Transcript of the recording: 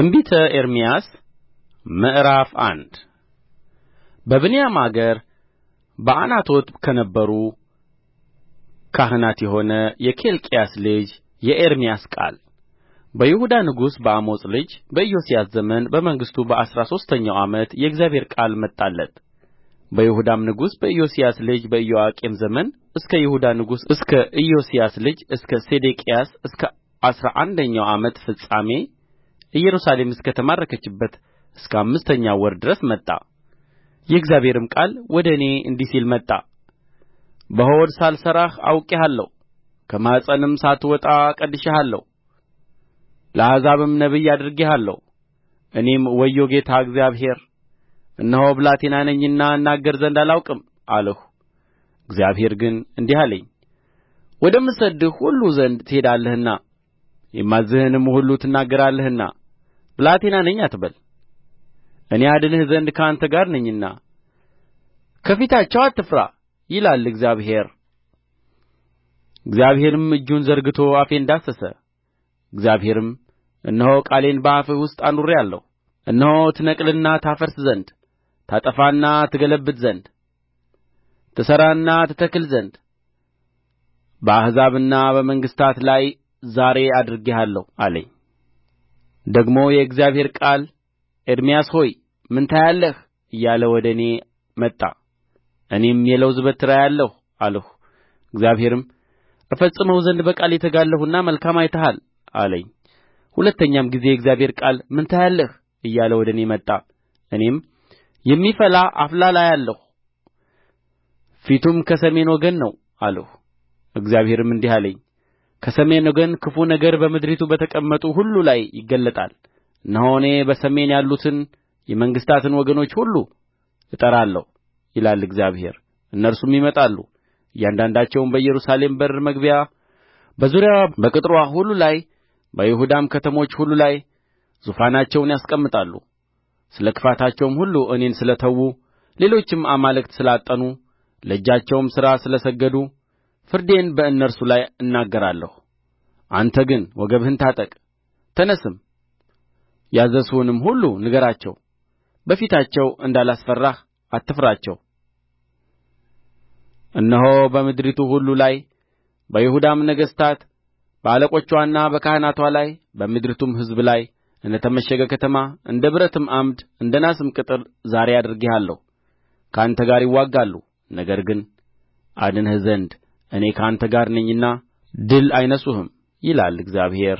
ትንቢተ ኤርምያስ ምዕራፍ አንድ በብንያም አገር በዓናቶት ከነበሩ ካህናት የሆነ የኬልቅያስ ልጅ የኤርምያስ ቃል በይሁዳ ንጉሥ በአሞጽ ልጅ በኢዮስያስ ዘመን በመንግሥቱ በአሥራ ሦስተኛው ዓመት የእግዚአብሔር ቃል መጣለት። በይሁዳም ንጉሥ በኢዮስያስ ልጅ በኢዮአቄም ዘመን እስከ ይሁዳ ንጉሥ እስከ ኢዮስያስ ልጅ እስከ ሴዴቅያስ እስከ አሥራ አንደኛው ዓመት ፍጻሜ ኢየሩሳሌም እስከ ተማረከችበት እስከ አምስተኛው ወር ድረስ መጣ የእግዚአብሔርም ቃል ወደ እኔ እንዲህ ሲል መጣ በሆድ ሳልሠራህ አውቄሃለሁ ከማኅፀንም ሳትወጣ ቀድሼሃለሁ ለአሕዛብም ነቢይ አድርጌሃለሁ እኔም ወዮ ጌታ እግዚአብሔር እነሆ ብላቴና ነኝና እናገር ዘንድ አላውቅም አልሁ እግዚአብሔር ግን እንዲህ አለኝ ወደምሰድድህ ሁሉ ዘንድ ትሄዳለህና የማዝዝህንም ሁሉ ትናገራለህና ብላቴና ነኝ አትበል እኔ አድንህ ዘንድ ከአንተ ጋር ነኝና ከፊታቸው አትፍራ ይላል እግዚአብሔር እግዚአብሔርም እጁን ዘርግቶ አፌን ዳሰሰ እግዚአብሔርም እነሆ ቃሌን በአፍህ ውስጥ አኑሬአለሁ እነሆ ትነቅልና ታፈርስ ዘንድ ታጠፋና ትገለብጥ ዘንድ ትሠራና ትተክል ዘንድ በአሕዛብና በመንግሥታት ላይ ዛሬ አድርጌሃለሁ አለኝ ደግሞ የእግዚአብሔር ቃል ኤርምያስ ሆይ ምን ታያለህ እያለ ወደ እኔ መጣ እኔም የለውዝ በትር አያለሁ አልሁ እግዚአብሔርም እፈጽመው ዘንድ በቃሌ እተጋለሁና መልካም አይተሃል አለኝ ሁለተኛም ጊዜ የእግዚአብሔር ቃል ምን ታያለህ እያለ ወደ እኔ መጣ እኔም የሚፈላ አፍላል አያለሁ ፊቱም ከሰሜን ወገን ነው አልሁ እግዚአብሔርም እንዲህ አለኝ ከሰሜን ወገን ክፉ ነገር በምድሪቱ በተቀመጡ ሁሉ ላይ ይገለጣል እነሆ እኔ በሰሜን ያሉትን የመንግሥታትን ወገኖች ሁሉ እጠራለሁ ይላል እግዚአብሔር እነርሱም ይመጣሉ እያንዳንዳቸውም በኢየሩሳሌም በር መግቢያ በዙሪያዋ በቅጥርዋ ሁሉ ላይ በይሁዳም ከተሞች ሁሉ ላይ ዙፋናቸውን ያስቀምጣሉ ስለ ክፋታቸውም ሁሉ እኔን ስለ ተዉ ሌሎችም አማልክት ስላጠኑ ለእጃቸውም ሥራ ስለ ሰገዱ ፍርዴን በእነርሱ ላይ እናገራለሁ አንተ ግን ወገብህን ታጠቅ ተነሥም ያዘዝሁህንም ሁሉ ንገራቸው በፊታቸው እንዳላስፈራህ አትፍራቸው እነሆ በምድሪቱ ሁሉ ላይ በይሁዳም ነገሥታት በአለቆችዋና በካህናትዋ ላይ በምድሪቱም ሕዝብ ላይ እንደ ተመሸገ ከተማ እንደ ብረትም ዓምድ እንደ ናስም ቅጥር ዛሬ አድርጌሃለሁ ከአንተ ጋር ይዋጋሉ ነገር ግን አድንህ ዘንድ እኔ ከአንተ ጋር ነኝና ድል አይነሡህም ይላል እግዚአብሔር